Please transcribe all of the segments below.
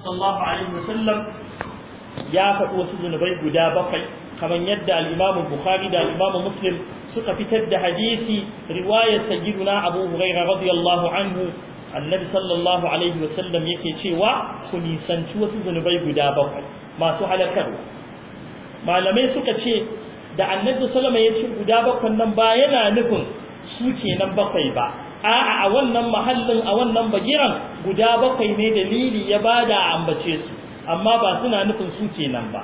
sallallahu alaihi wasallam ya faɗi wasu zunubai guda bakwai kamar yadda al-Imam Bukhari da al-Imam Muslim suka fitar da hadisi riwayar sayyiduna Abu Hurairah radiyallahu anhu annabi sallallahu alaihi wasallam yake cewa ku nisanci wasu zunubai guda bakwai masu halakarwa malamai suka ce da annabi sallama ya ce guda bakwai nan ba yana nufin su kenan bakwai ba a'a a wannan mahallin a wannan bagiran guda bakwai ne dalili ya bada a ambace su amma ba suna nufin su kenan ba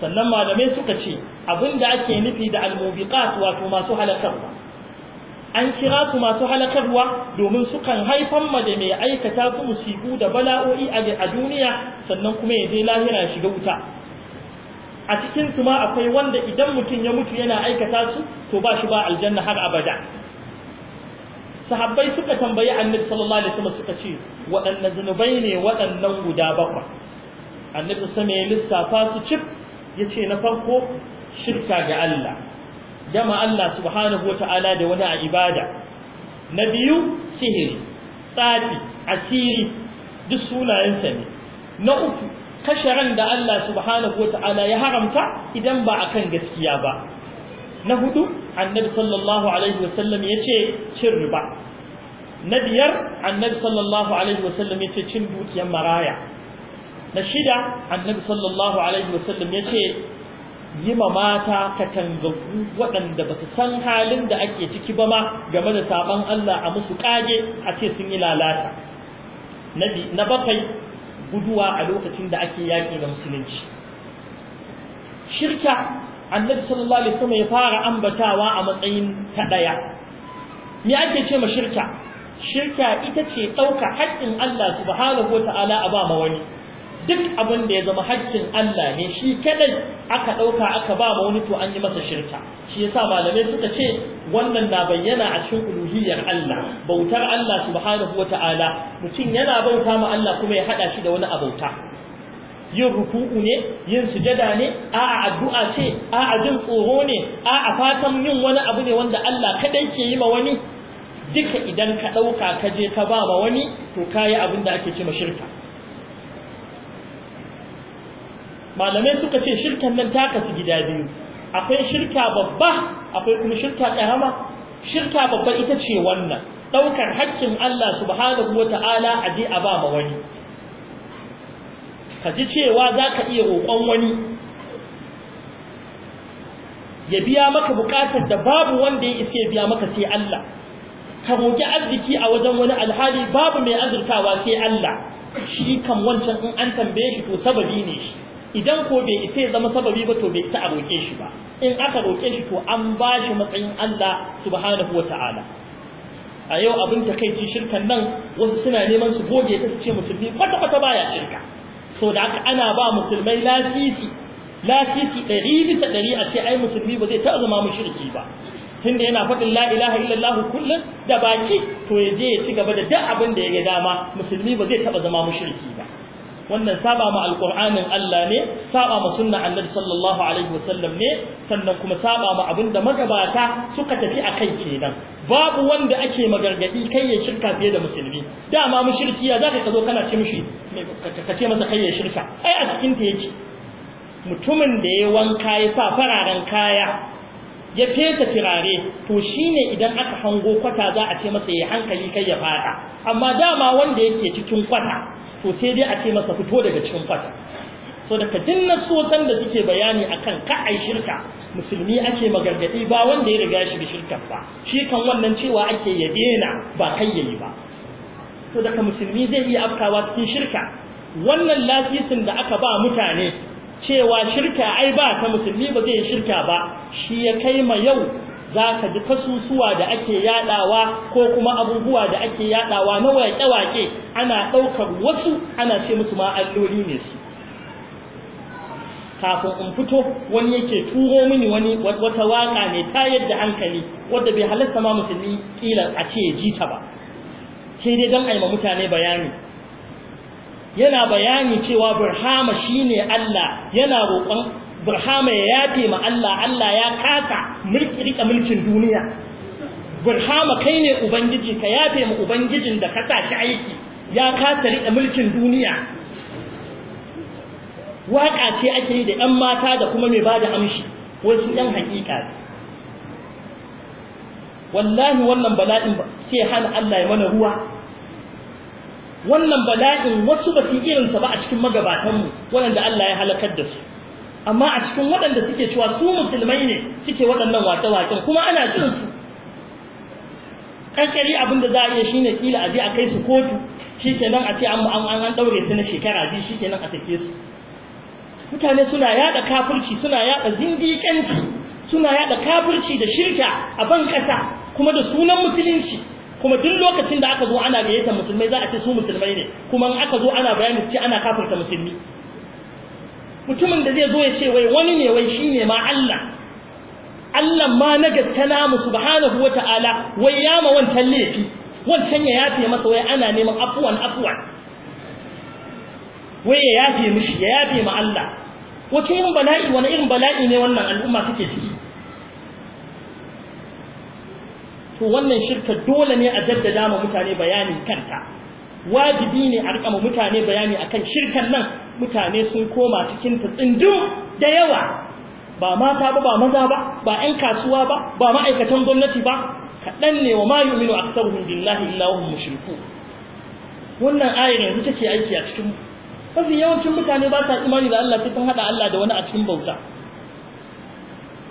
sannan malamai suka ce abinda ake nufi da al-mubiqat wato masu halakarwa an kira su masu halakarwa domin sukan haifan ma da mai aikata ku musibu da bala'o'i a duniya sannan kuma ya je lahira ya shiga wuta a cikin su ma akwai wanda idan mutum ya mutu yana aikata su to ba shi ba aljanna har abada sahabbai suka tambayi annabi sallallahu alaihi wasallam suka ce waɗanne zunubai ne waɗannan guda bakwai annabi sama ya lissafa su ya ce na farko shirka ga Allah gama Allah subhanahu wata'ala da wani a ibada na biyu sihiri tsafi asiri duk sunayensa ne na uku ran da Allah subhanahu wata'ala ya haramta idan ba akan gaskiya ba na hudu annabi sallallahu alaihi wasallam ya ce cin riba na biyar annabi sallallahu alaihi wasallam ya ce cin dukiyar maraya na shida annabi sallallahu alaihi wasallam ya ce yi ma mata ka katangagu waɗanda ba su san halin da ake ciki ba ma game da saban Allah a musu kage a ce sun yi lalata na bakwai guduwa a lokacin da ake yaƙi na musulunci shirka annabi sallallahu alaihi wasallam ya fara ambatawa a matsayin ta daya me ake ce ma shirka shirka ita ce dauka haƙƙin Allah subhanahu wataala a ba ma wani duk abin da ya zama haƙƙin Allah ne shi kadai aka dauka aka ba ma wani to an yi masa shirka shi yasa malamai suka ce wannan na bayyana a cikin uluhiyyar Allah bautar Allah subhanahu wataala mutum yana bauta ma Allah kuma ya hada shi da wani abauta yin ruku'u ne yin sujada ne a'a addu'a ce a'a jin tsoro ne a'a fatan yin wani abu ne wanda Allah kadai ke yi ma wani duka idan ka dauka ka je ka ba ma wani to kai abin da ake ma shirka malamai suka ce shirkan nan ta kasu gida biyu akwai shirka babba akwai kuma shirka karama shirka babba ita ce wannan daukar haƙƙin Allah subhanahu wata'ala a je a ba ma wani ka ji cewa za ka iya roƙon wani ya biya maka buƙatar da babu wanda ya isa biya maka sai Allah ka roƙi arziki a wajen wani alhali babu mai azurtawa sai Allah shi kan wancan in an tambaye shi to sababi ne shi idan ko bai isa ya zama sababi ba to bai ta roƙe shi ba in aka roƙe shi to an ba shi matsayin Allah subhanahu wa ta'ala a yau abin takaici shirkan nan wasu suna neman su goge ta su ce musulmi kwata-kwata baya shirka so da aka ana ba musulmai lasisi lasisi ɗari bisa ɗari a ce ai musulmi ba zai taɓa zama mushriki ba tunda yana faɗin la ilaha illallah kullum da baki to ya je ya ci gaba da duk abin da ya ga dama musulmi ba zai taɓa zama mushriki ba wannan saba ma alqur'anin Allah ne saba ma sunna annabi sallallahu alaihi wasallam ne sannan kuma saba ma abinda magabata suka tafi akai kenan babu wanda ake magargadi kai ya shirka fiye da musulmi dama mushriki ya zaka kazo kana ce mushi ka ce masa kai ya shirka ai a cikin ta yake mutumin da ya wanka ya sa fararen kaya ya fesa firare to shine idan aka hango kwata za a ce masa ya hankali kai ya fada amma dama wanda yake cikin kwata to sai dai a ce masa fito daga cikin fata so daga so nasosan da suke bayani akan ka ai shirka musulmi ake magargadi ba wanda ya riga shi da shirka ba shi kan wannan cewa ake ya dena ba kai yayi ba so daga musulmi zai iya afkawa cikin shirka wannan lasisin da aka ba mutane cewa shirka ai ba ta musulmi ba zai shirka ba shi ya kai ma yau za ka ji kasusuwa da ake yaɗawa ko kuma abubuwa da ake yaɗawa na waƙe-waƙe ana ɗaukar wasu ana ce musu ma alloli ne su kafin in fito wani yake turo mini wani wata waƙa ne ta yadda hankali wadda bai halatta ma musulmi ƙila a ce ji ta ba sai dai don aima mutane bayani yana bayani cewa burhama shine Allah yana roƙon burhama ya yafe ma Allah Allah ya kasa mulki rika mulkin duniya burhama kai ne ubangiji ka yafe ma ubangijin da ka sa shi aiki ya kasa rika mulkin duniya waka ce ake yi da yan mata da kuma mai bada amshi wasu yan hakika wallahi wannan bala'in ba sai hana Allah ya mana ruwa wannan bala'in wasu ba su irinsa ba a cikin magabatanmu waɗanda Allah ya halakar da su amma a cikin waɗanda suke cewa su musulmai ne suke waɗannan waƙe-waƙen kuma ana jin su Ƙanƙari abin da za a iya shine kila a je a kai su kotu shikenan a ce an an an ɗaure su na shekara biyu nan a take su mutane suna yaɗa kafirci suna yaɗa zindiƙanci suna yaɗa kafirci da shirka a ban ƙasa kuma da sunan musulunci kuma duk lokacin da aka zo ana gayyatar musulmai za a ce su musulmai ne kuma in aka zo ana bayani ce ana kafirta musulmi mutumin da zai zo ya ce wai wani ne wai shine ma Allah Allah ma na gaskana mu subhanahu ta'ala wai ya ma wancan laifi wancan ya yafe masa wai ana neman afuwan afuwan wai ya yafe mishi ya yafe ma Allah wato irin bala'i wani irin bala'i ne wannan al'umma suke ciki to wannan shirka dole ne a jaddada ma mutane bayani kanta wajibi ne a rika mutane bayani akan shirkan nan mutane sun koma cikin ta tsindin da yawa ba mata ba ba maza ba ba 'yan kasuwa ba ba ma'aikatan gwamnati ba kaɗan ne wa mayu minu a aktsaruhum billahi illa hum wannan ayar yanzu take aiki a cikin mafi yawancin mutane ba sa imani da Allah sai sun haɗa Allah da wani a cikin bauta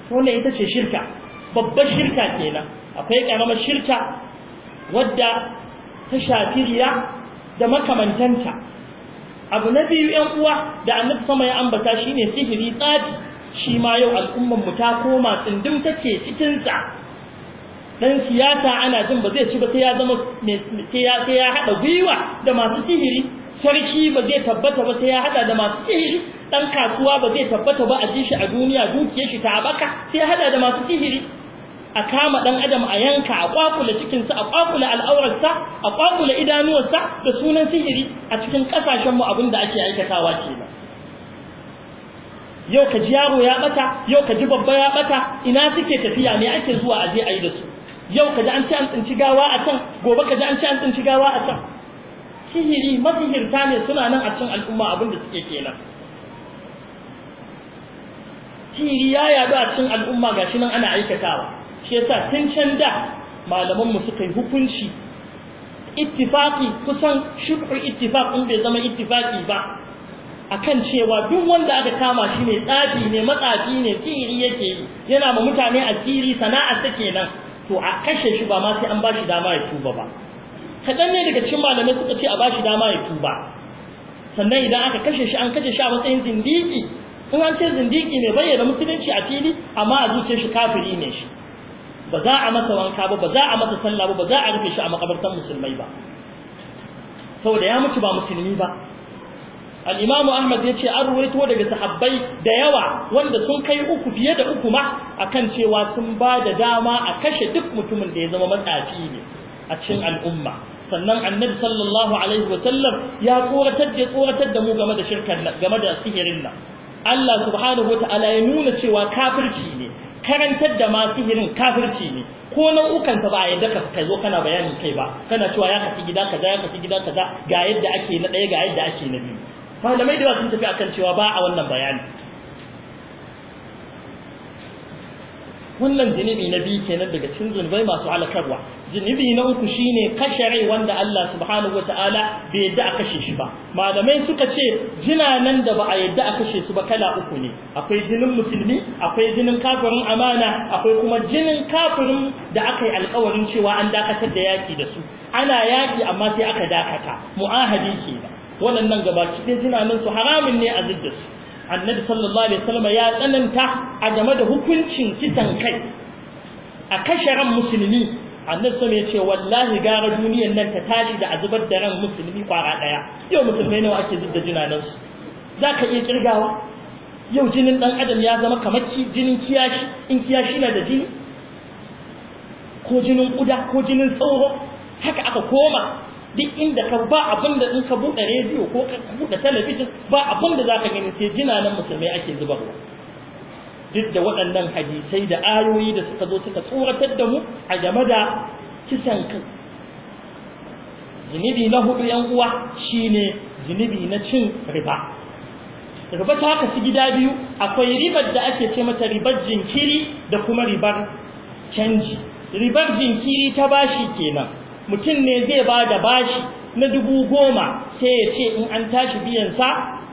wannan ita ce shirka babbar shirka kenan akwai karamar shirka wadda ta shafi riya da makamantanta abu na biyu yan uwa da annabi sama ya ambata shine sihiri tsafi shi ma yau al'ummar mu ta koma tsindin take cikinsa. sa dan siyasa ana jin ba zai ci ba sai ya zama sai ya sai gwiwa da masu sihiri sarki ba zai tabbata ba sai ya hada da masu sihiri dan kasuwa ba zai tabbata ba a ji shi a duniya dukiyar shi ta abaka sai ya hada da masu sihiri a kama dan adam a yanka a kwakula cikinsa a kwakula al'aurarsa a kwakula idanuwarsa da sunan sihiri a cikin kasashen mu abinda ake aikatawa kenan yau ka ji yaro ya bata yau ka ji babba ya bata ina suke tafiya me ake zuwa a je a yi da su yau ka ji an ci an tsinci gawa a can gobe ka ji an ci an tsinci gawa a can sihiri masihirta ne suna nan a cikin al'umma abinda suke kenan sihiri ya yadu a cikin al'umma gashi nan ana aikatawa shi yasa tun can da malaman mu suka yi hukunci ittifaqi kusan shubhu ittifaq in bai zama ittifaqi ba akan cewa duk wanda aka kama shi ne tsafi ne matsafi ne tsiri yake yi yana ma mutane asiri sana'a ta kenan to a kashe shi ba ma sai an ba dama ya tuba ba kaɗan ne daga cikin malamai suka ce a ba dama ya tuba sannan idan aka kashe shi an kashe shi a matsayin zindiki in an ce zindiki ne bayyana musulunci a fili amma a zuciyar shi kafiri ne shi ba za a masa wanka ba ba za a masa sallah ba ba za a rufe shi a makabartan musulmai ba saboda ya mutu ba musulmi ba al-imam ahmad yace an ruwaito daga sahabbai da yawa wanda sun kai uku fiye da uku ma akan cewa sun ba da dama a kashe duk mutumin da ya zama matsafi ne a cikin al'umma sannan annabi sallallahu alaihi wa sallam ya tsoratar da tsoratar da mu game da shirkan game da sihirin nan Allah subhanahu wa ta'ala ya nuna cewa kafirci ne karantar da masu hirin kafirci ne ko ukan ta ba a yadda ka zo kana bayanin kai ba kana cewa ya kafi gida kaza ya kafi gida kaza ga yadda ake na ɗaya ga yadda ake na biyu malamai da sun tafi akan cewa ba a wannan bayani kullum zunubi na biyu kenan daga cikin zunubai masu halakarwa zunubi na uku shine kashe rai wanda Allah subhanahu wataala bai yadda a kashe shi ba malamai suka ce jina nan da ba a yadda a kashe su ba kala uku ne akwai jinin musulmi akwai jinin kafirin amana akwai kuma jinin kafirin da aka yi alkawarin cewa an dakatar da yaki da su ana yaki amma sai aka dakata mu'ahadi Wannan waɗannan gaba ɗaya jinanan su haramun ne a zidda su annabi sallallahu alaihi wasallam ya tsananta a game da hukuncin kisan kai a kashe ran musulmi annabi sallallahu ya ce wallahi gara duniyar nan ta tashi da azubar da ran musulmi kwara daya yau musulmai nawa ake zubda jinanan su zaka iya kirgawa yau jinin dan adam ya zama kamar jinin kiyashi in kiyashi na da jini ko jinin kuda ko jinin tsoro haka aka koma duk inda ka ba abin da in ka buɗe rediyo ko ka buɗe talabijin ba abin da za ka gani sai jina nan musulmai ake zubarwa duk da waɗannan hadisai da ayoyi da suka zo suka tsoratar da mu a game da kisan kai zunubi na hudu yan uwa shine zunubi na cin riba riba ta kasu gida biyu akwai ribar da ake ce mata ribar jinkiri da kuma ribar canji ribar jinkiri ta bashi kenan mutum ne zai ba da bashi na dubu goma sai ya ce in an tashi biyansa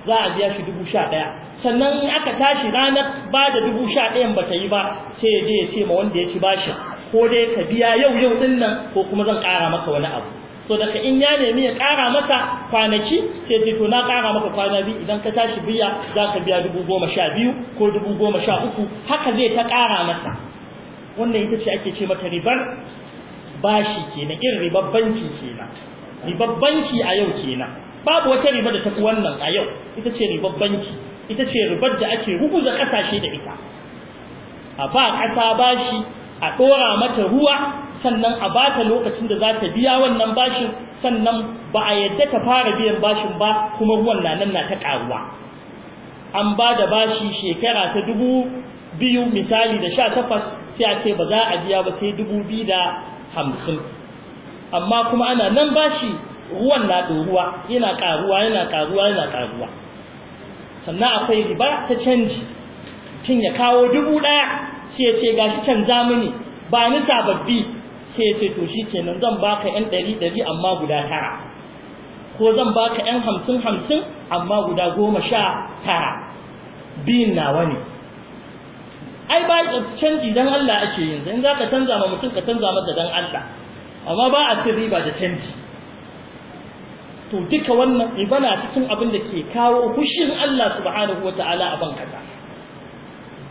za a biya shi dubu sha ɗaya sannan in aka tashi ranar ba da dubu sha ɗayan ba ta yi ba sai ya je ya ce ma wanda ya ci bashi ko dai ka biya yau yau ɗin nan ko kuma zan ƙara maka wani abu to daga in ya nemi ya ƙara masa kwanaki sai ce to na ƙara maka kwana biyu idan ka tashi biya za ka biya dubu goma sha biyu ko dubu goma sha uku haka zai ta ƙara masa wannan ita ce ake ce mata ribar bashi kenan irin ribar banki kenan ribar banki a yau kenan babu wata riba da tafi wannan a yau ita ce ribar banki ita ce ribar da ake da kasashe da ita a ba kasa bashi a dora mata ruwa sannan a ba ta lokacin da za ta biya wannan bashin sannan ba a yadda ta fara biyan bashin ba kuma ruwan na nan na ta karuwa an ba da bashi shekara ta dubu biyu misali da sha takwas sai a ce ba za a biya ba sai dubu biyu da hamsin amma kuma ana nan bashi ruwan na ɗoruwa yana ƙaruwa yana ƙaruwa yana ƙaruwa sannan akwai riba ta canji cin ya kawo dubu ɗaya sai ya ce gashi canza mini ba ni sababbi sai ya ce to shi kenan zan baka yan ɗari ɗari amma guda tara ko zan baka yan hamsin hamsin amma guda goma sha tara biyun nawa ne ai ba canji dan Allah ake yin Sai in zaka canza ma mutum ka canza masa dan Allah amma ba a cin riba da canji to duka wannan ibana cikin abin da ke kawo hushin Allah subhanahu wataala a ban kasa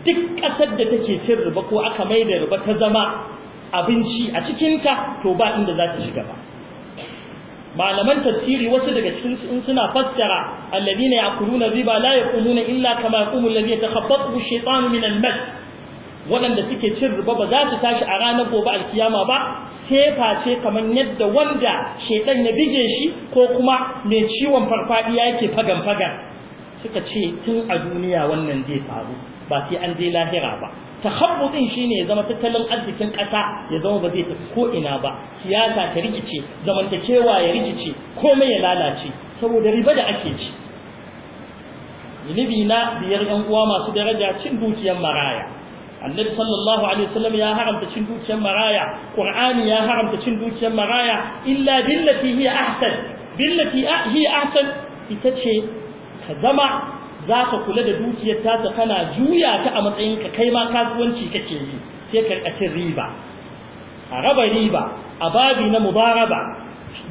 duk kasar da take cin riba ko aka mai da riba ta zama abinci a cikin ta to ba inda za ta shiga ba malaman tafsiri wasu daga cikin in suna fassara alladina ya'kuluna riba la yaquluna illa kama yaqulu alladhi yatakhabbathu ash-shaytanu min al-mas waɗanda suke cin riba ba za su tashi a ranar gobe alkiyama ba sai face kamar yadda wanda shedan ya bige shi ko kuma mai ciwon farfadiya yake fagan fagan suka ce tun a duniya wannan zai faru ba sai an je lahira ba takhabbutin shine ya zama tattalin arzikin ƙasa ya zama ba zai tafi ko ina ba siyasa ta rikice zamantakewa ya rikice komai ya lalace saboda riba da ake ci zunubi na biyar yan uwa masu daraja cin dukiyar maraya annabi sallallahu alaihi wasallam ya haramta cin dukiyar maraya qur'ani ya haramta cin dukiyar maraya illa billati hiya ahsan billati hiya ahsan ita ce ka zama za ka kula da dukiyar ta kana juya ta a matsayin ka kai ma kasuwanci kake yi sai ka riba a raba riba a babi na mubaraba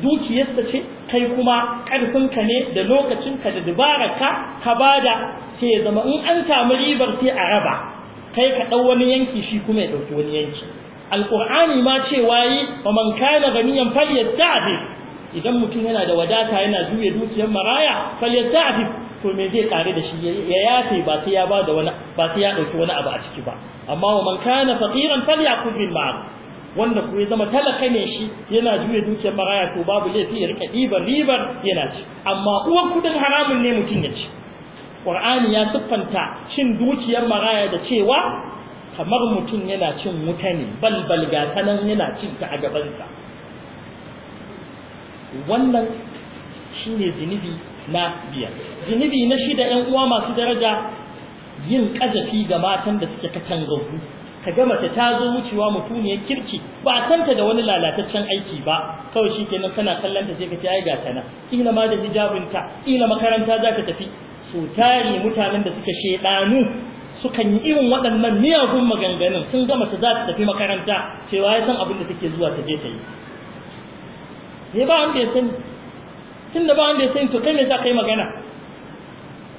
ta ce kai kuma ƙarfinka ne da lokacinka da dubararka ka bada sai ya zama in an samu ribar sai a raba kai ka ɗau wani yanki shi kuma ya ɗauki wani yanki alqur'ani ma cewa yi wa man kana ganiyan falyasta'fi idan mutum yana da wadata yana juya dukiyar maraya falyasta'fi to me zai kare da shi ya yafe ba sai ya ba da wani ba sai ya ɗauki wani abu a ciki ba amma wa man kana faqiran falyakul bil ma'ruf wanda ku ya zama talaka ne shi yana juya dukiyar maraya to babu laifi ya rika ɗiban ribar yana ci amma uwan kudin haramun ne mutum ya ci qur'ani ya siffanta cin dukiyar maraya da cewa kamar mutum yana cin wuta ne balbal ga tanan yana cin ta a gabansa wannan shine zinubi na biyar zinubi na shida 'yan uwa masu daraja yin ƙazafi ga matan da suke gabu, ka gama mace ta zo wucewa mutum ne kirki ba tanta da wani lalataccen aiki ba kawai shi kenan kana kallon ta sai ka ce ai ga ta nan ma da hijabinta kila makaranta za ka tafi su tari mutanen da suka shedanu sukan yi irin waɗannan miyagun maganganun sun gama ta za ta tafi makaranta cewa ya san abin da take zuwa ta je ta yi ne ba wanda ya sani tun da ba wanda ya sani to kai ne za ka yi magana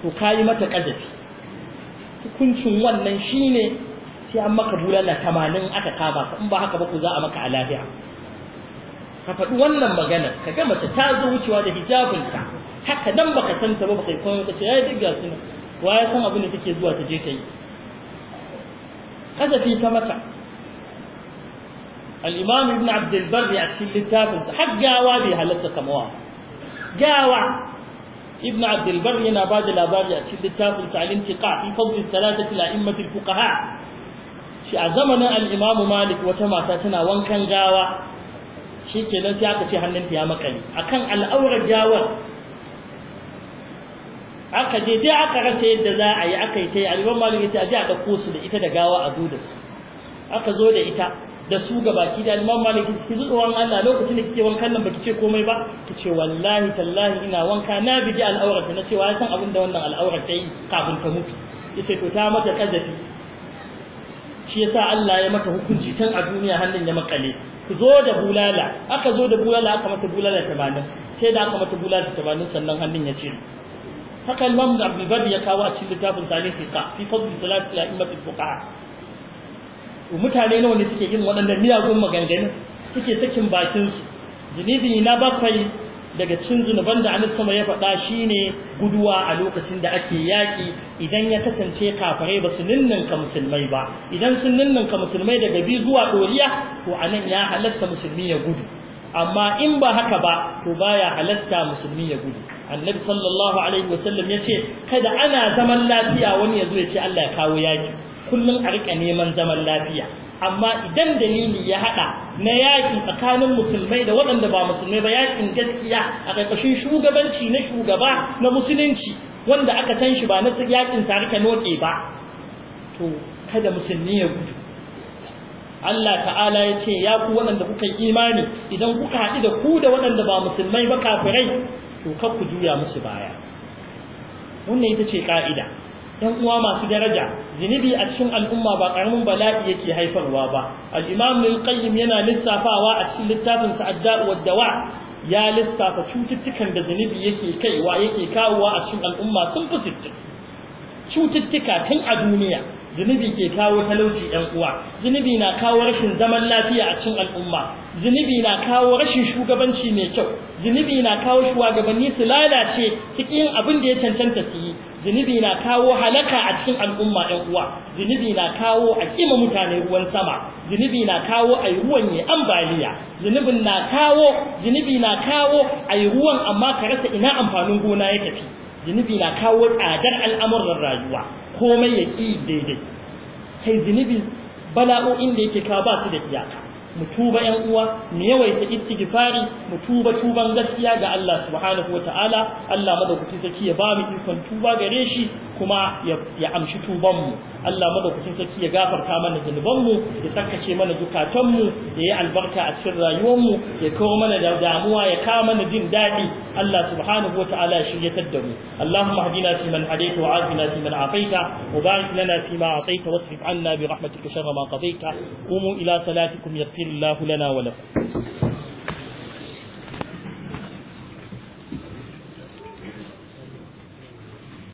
to ka yi mata ƙazafi hukuncin wannan shi ne sai an maka bulala tamanin aka kama ka in ba haka ba ku za a maka a lafiya ka faɗi wannan magana ka ga ta zo wucewa da hijabinta haka dan baka san ta ba baka komai kace ai duk ga sunan wa ya san abin da take zuwa ta je ta yi kasafi ta mata al-imam ibn abd al-barr cikin littafin sa bai halatta kamawa gawa ibn abd al-barr yana ba da labari a cikin littafin sa al-intiqa fi fadl thalathati al-a'immat al-fuqaha shi a zamanin al malik wata mata tana wankan gawa shikenan sai aka ce hannunta ya makale akan al'aurar gawar aka je dai aka rasa yadda za a yi aka yi ta yi aliban malu ya ce a a ɗauko su da ita da gawa a zo da su aka zo da ita da su ga baki da aliman malu ya ce wani Allah lokacin da kike wankan nan baki ce komai ba ki ce wallahi tallahi ina wanka na bigi al'aurata na cewa ya san abin da wannan al'aurar ta yi kafin ta mutu ya ce to ta mata kazafi shi yasa Allah ya mata hukunci tun a duniya hannun ya makale ku zo da bulala aka zo da bulala aka mata bulala 80 sai da aka mata bulala 80 sannan hannun ya ce haka Imam Abu Badi ya kawo a cikin littafin Salih Fiqa fi fadl salat ila immat al-fuqaha mutane nawa ne suke yin waɗannan miyagun maganganu suke sakin bakin su zunubi na bakwai daga cikin zunuban da Annabi sama ya faɗa shine guduwa a lokacin da ake yaƙi idan ya kasance kafare ba su ninninka musulmai ba idan sun ninninka musulmai daga biyu zuwa doriya to anan ya halatta musulmi ya gudu amma in ba haka ba to baya halatta musulmi ya gudu annabi sallallahu alaihi wasallam yace kada ana zaman lafiya wani yazo ya ce Allah ya kawo yaki kullun a rika neman zaman lafiya amma idan dalili ya hada na yaki tsakanin musulmai da waɗanda ba musulmai ba yakin gaskiya a ƙarƙashin shugabanci na shugaba na musulunci wanda aka san shi ba na yakin tarika noke ba to kada musulmi ya gudu Allah ta'ala ya ce ya ku waɗanda kuka imani idan kuka haɗu da ku da waɗanda ba musulmai ba kafirai to kar ku juya musu baya wannan ita ce ka'ida Ɗan uwa masu daraja zunubi a cikin al'umma ba karamin bala'i yake haifarwa ba al-imam al yana lissafawa a cikin littafin sa ad wa dawa ya lissafa cututtukan da zunubi yake kaiwa yake kawowa a cikin al'umma sun fi cututtuka tun a duniya zunubi ke kawo talauci ɗan uwa zunubi na kawo rashin zaman lafiya a cikin al'umma zunubi na kawo rashin shugabanci mai kyau zunubi na kawo shugabanni su lalace cikin abin da ya cancanta su yi zunubi na kawo halaka a cikin al'umma ɗan uwa zunubi na kawo a kima mutane ruwan sama zunubi na kawo a yi ruwan ya ambaliya zunubin na kawo zunubi na kawo a yi ruwan amma ka rasa ina amfanin gona ya tafi zunubi na kawo tsadar al'amuran rayuwa komai ya ƙi daidai kai zunubin bala'o'in da yake kawo ba su da iyaka mu tuba yan uwa mu yawaita istighfari mu tuba tuban gaskiya ga Allah subhanahu wataala Allah madaukakin sarki ya ba mu ikon tuba gare shi kuma ya amshi tuban mu Allah madaukakin sarki ya gafarta mana zunuban mu ya sakace mana zukatan mu ya yi albarka a cikin rayuwar mu ya kawo mana da damuwa ya kawo mana jin daɗi Allah subhanahu wataala ya shiryatar da mu Allahumma hadina fi man hadaita wa afina fi man afaita wa barik lana fi ma ataita wasrif anna bi rahmatika sharra ma qadaita qumu ila salatikum yaghfir yaghfir Allah lana wa lakum